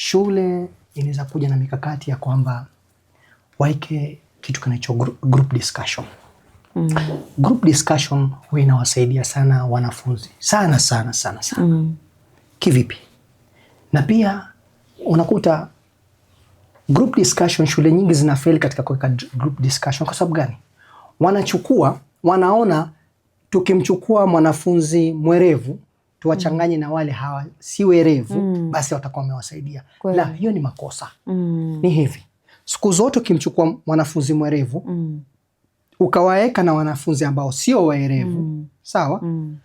shule inaweza kuja na mikakati ya kwamba waike kitu kinacho group discussion. Mm. Group discussion huwa inawasaidia sana wanafunzi sana sana sana sana. Mm. Kivipi? Na pia unakuta group discussion shule nyingi zinafeli katika kuweka group discussion. Kwa sababu gani? Wanachukua, wanaona tukimchukua mwanafunzi mwerevu tuwachanganye mm. na wale hawa si werevu mm. basi watakuwa wamewasaidia. La, hiyo ni makosa mm. Ni hivi siku zote ukimchukua mwanafunzi mwerevu mm. ukawaweka na wanafunzi ambao sio waerevu mm. sawa mm.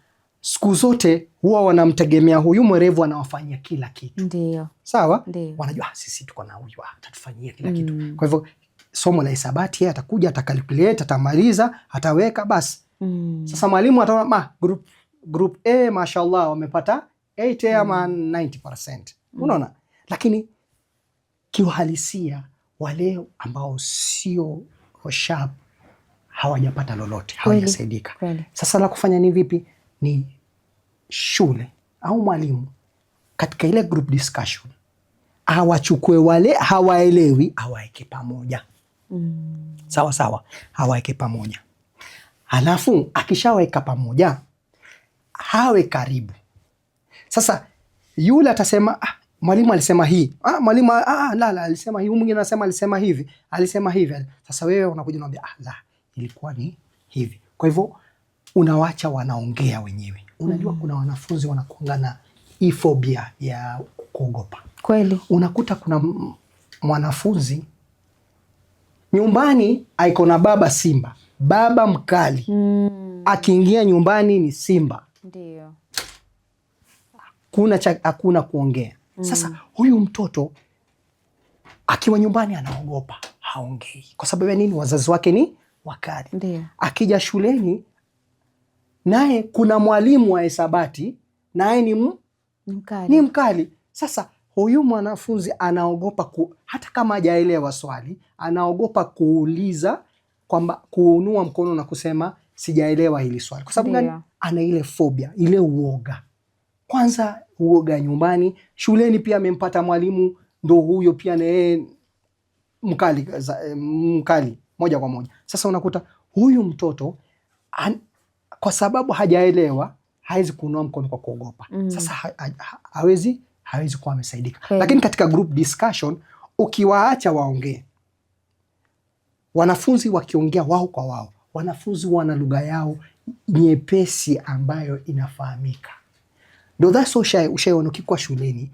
siku zote huwa wanamtegemea huyu mwerevu anawafanyia kila kitu. Ndiyo. sawa Ndiyo. wanajua ah, sisi tuko na huyu ah, atatufanyia kila mm. kitu. Kwa hivyo somo la hisabati atakuja, atakalkulate, atamaliza, ataweka basi mm. Sasa mwalimu ataona ma group group A mashallah wamepata 80 mm. ama 90%. Unaona? Lakini kiuhalisia wale ambao sio hoshab hawajapata lolote, hawajasaidika. Sasa la kufanya ni vipi? Ni shule au mwalimu katika ile group discussion awachukue wale hawaelewi, awaeke pamoja mm. Sawa sawa, awaeke pamoja, halafu akishaweka pamoja hawe karibu. Sasa yule atasema ah, mwalimu alisema hii ah, mwalimu ah, ah la, la, alisema hii. Mwingine anasema alisema hivi, alisema hivi. Sasa wewe unakuja unaambia ah, la, ilikuwa ni hivi. Kwa hivyo unawacha wanaongea wenyewe. Unajua, mm. kuna wanafunzi wanakuanga na ifobia ya kuogopa kweli. Unakuta kuna mwanafunzi nyumbani aiko na baba simba, baba mkali mm. Akiingia nyumbani ni simba ndio. Hakuna cha hakuna kuongea. Mm. Sasa huyu mtoto akiwa nyumbani anaogopa, haongei kwa sababu ya nini? Wazazi wake ni wakali. Ndio. Akija shuleni naye kuna mwalimu wa hesabati naye ni, ni mkali. Sasa huyu mwanafunzi anaogopa ku, hata kama hajaelewa swali anaogopa kuuliza kwamba kuunua mkono na kusema sijaelewa hili swali kwa sababu gani? ana ile fobia, ile uoga. Kwanza uoga nyumbani, shuleni pia amempata mwalimu ndo huyo pia na yeye mkali, eh, mkali moja kwa moja. Sasa unakuta huyu mtoto an, kwa sababu hajaelewa hawezi kunoa mkono kwa kuogopa. mm. Sasa ha, ha, hawezi hawezi kuwa amesaidika. okay. Lakini katika group discussion ukiwaacha waongee, wanafunzi wakiongea wao kwa wao wanafunzi wana lugha yao nyepesi ambayo inafahamika. Ndo dhaso ushaiona ukikuwa shuleni,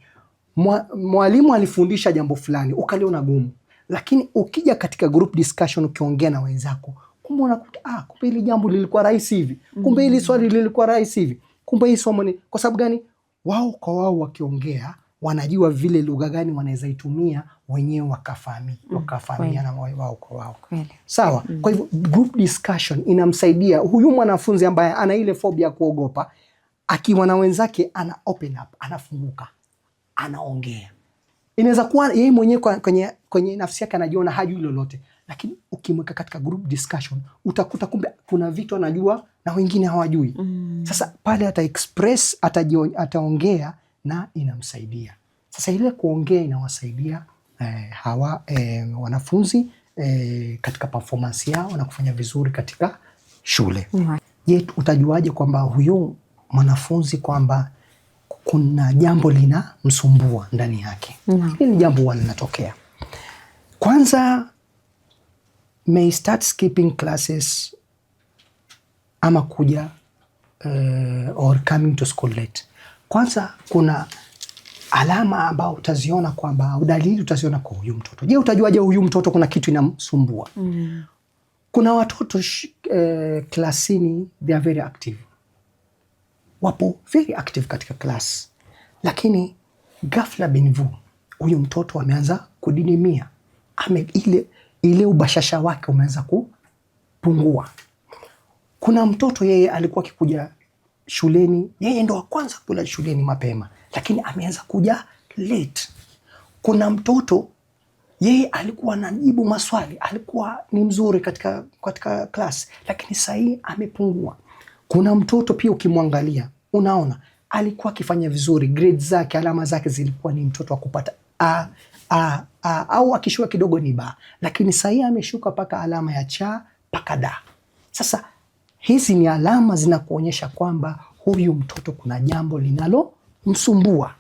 mwalimu alifundisha jambo fulani ukaliona gumu, lakini ukija katika group discussion ukiongea na wenzako, kumbe unakuta ah, kumbe hili jambo lilikuwa rahisi hivi, kumbe hili swali lilikuwa rahisi hivi, kumbe hii somo ni kwa sababu gani? Wao kwa wao wakiongea wanajua vile lugha gani wanaweza itumia wenyewe mm, wakafahamiana wao kwa wao. Sawa. Mm. Kwa hivyo group discussion inamsaidia huyu mwanafunzi ambaye ana ile fobia ya kuogopa, akiwa na wenzake ana open up, anafunguka, anaongea. Inaweza kuwa yeye mwenyewe kwenye, kwenye nafsi yake anajiona hajui lolote, lakini ukimweka katika group discussion utakuta kumbe kuna vitu anajua na wengine hawajui. Mm. Sasa pale ata express ataongea ata na inamsaidia. Sasa ile kuongea inawasaidia eh, hawa eh, wanafunzi eh, katika performance yao na kufanya vizuri katika shule. Je, utajuaje kwamba huyu mwanafunzi kwamba kuna jambo linamsumbua ndani yake? Hili jambo huwa linatokea kwanza may start skipping classes ama kuja uh, or coming to school late. Kwanza kuna alama ambao utaziona kwamba udalili utaziona kwa huyu mtoto. Je, utajuaje huyu mtoto kuna kitu inamsumbua? Mm. Kuna watoto eh, klasini they are very active, wapo very active katika class, lakini ghafla binvu huyu mtoto ameanza kudidimia, ame ile ile ubashasha wake umeanza kupungua. Kuna mtoto yeye alikuwa akikuja shuleni, yeye ndo wa kwanza kula shuleni mapema, lakini ameanza kuja late. Kuna mtoto yeye alikuwa anajibu maswali, alikuwa ni mzuri katika, katika klasi, lakini sasa hii amepungua. Kuna mtoto pia ukimwangalia, unaona alikuwa akifanya vizuri, grade zake, alama zake zilikuwa ni mtoto wa kupata a, a, a, au akishuka kidogo ni ba, lakini sasa hii ameshuka mpaka alama ya cha mpaka da. Sasa Hizi ni alama zinakuonyesha kwamba huyu mtoto kuna jambo linalomsumbua.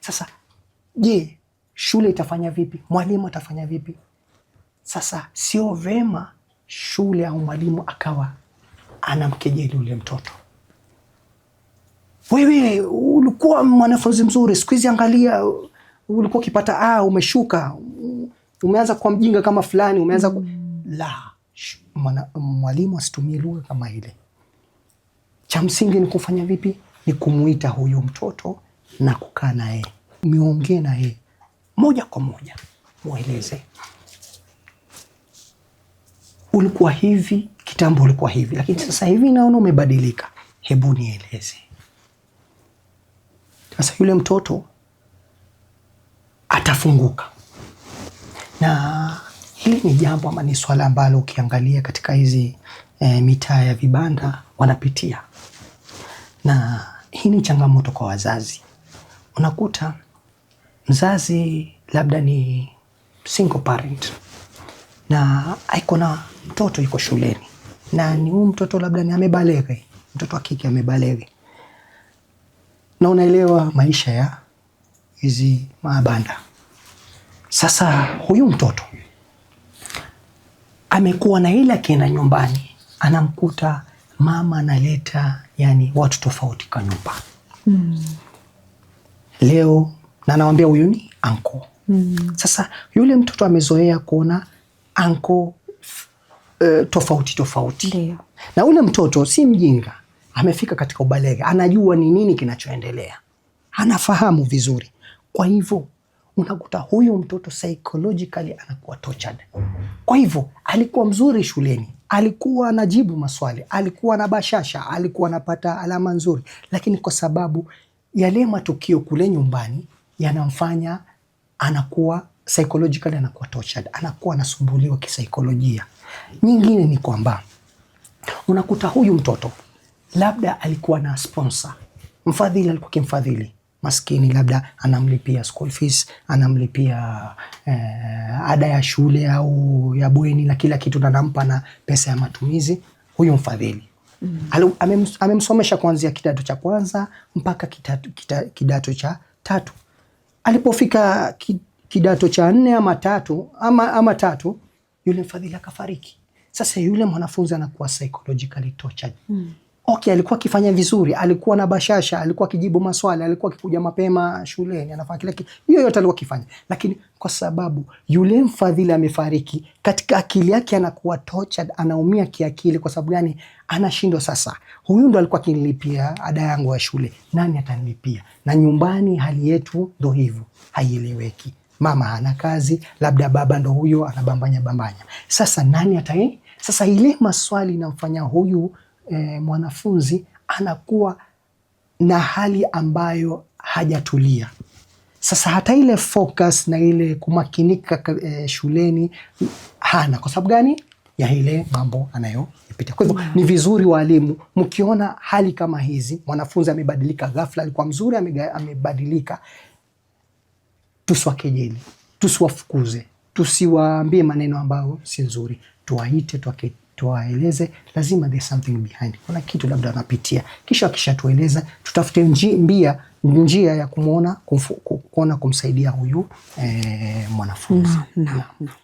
Sasa je, shule itafanya vipi? Mwalimu atafanya vipi? Sasa sio vema shule au mwalimu akawa anamkejeli ule mtoto. Wewe ulikuwa mwanafunzi mzuri, siku hizi angalia, ulikuwa ukipata A ah, umeshuka, umeanza kuwa mjinga kama fulani, umeanza ku... la mwalimu asitumie lugha kama ile. Cha msingi ni kufanya vipi? Ni kumuita huyu mtoto na kukaa naye, miongee naye moja kwa moja, mweleze ulikuwa hivi kitambo, ulikuwa hivi, lakini sasa hivi naona umebadilika, hebu nieleze. Sasa yule mtoto atafunguka na Hili ni jambo ama ni swala ambalo ukiangalia katika hizi e, mitaa ya vibanda wanapitia, na hii ni changamoto kwa wazazi. Unakuta mzazi labda ni single parent na aiko na mtoto yuko shuleni na ni huu mtoto labda ni amebalere, mtoto wa kike amebalere, na unaelewa maisha ya hizi mabanda. Sasa huyu mtoto amekuwa na ile akienda nyumbani anamkuta mama analeta yani watu tofauti kwa nyumba mm. Leo na anawambia huyu ni anko mm. Sasa yule mtoto amezoea kuona anko eh, tofauti tofauti Deo. Na ule mtoto si mjinga, amefika katika ubalege, anajua ni nini kinachoendelea, anafahamu vizuri, kwa hivyo unakuta huyu mtoto psychologically anakuwa tortured. Kwa hivyo alikuwa mzuri shuleni, alikuwa anajibu maswali, alikuwa na bashasha, alikuwa anapata alama nzuri, lakini kwa sababu yale matukio kule nyumbani yanamfanya anakuwa psychologically anakuwa tortured, anakuwa anasumbuliwa kisaikolojia. Nyingine ni kwamba unakuta huyu mtoto labda alikuwa na sponsor, mfadhili alikuwa kimfadhili maskini labda anamlipia school fees, anamlipia eh, ada ya shule au ya bweni na kila kitu, nanampa na pesa ya matumizi huyu mfadhili. Mm Amemsomesha kuanzia kidato cha kwanza mpaka kidato, kita, kidato cha tatu. Alipofika kidato cha nne ama tatu ama, ama tatu, yule mfadhili akafariki. Sasa yule mwanafunzi anakuwa psychologically tortured. Mm Okay, alikuwa akifanya vizuri, alikuwa na bashasha, alikuwa akijibu maswali, alikuwa akikuja mapema shuleni, anafanya kila kitu, hiyo yote alikuwa akifanya, lakini kwa sababu yule mfadhili amefariki, katika akili yake anakuwa tortured, anaumia kiakili. Kwa sababu gani? Anashindwa sasa, huyu ndo alikuwa akinilipia ada yangu ya shule, nani atanilipia? Na nyumbani hali yetu ndo hivyo, haieleweki. Mama hana kazi, labda baba ndo huyo anabambanya bambanya. Sasa nani atai? Sasa ile maswali inamfanya huyu e, mwanafunzi anakuwa na hali ambayo hajatulia. Sasa hata ile focus na ile kumakinika e, shuleni hana. Kwa sababu gani? ya ile mambo anayopitia. Kwa hivyo mm. ni vizuri walimu, mkiona hali kama hizi, mwanafunzi amebadilika ghafla, alikuwa mzuri amebadilika, tusiwakejeli, tusiwafukuze, tusiwaambie maneno ambayo si nzuri, tuwaite, tuwaketi tuwaeleze lazima there's something behind, kuna kitu labda wanapitia, kisha wakishatueleza tutafute njia njia ya kumwona kuona kumsaidia huyu eh, mwanafunzi no, no, no.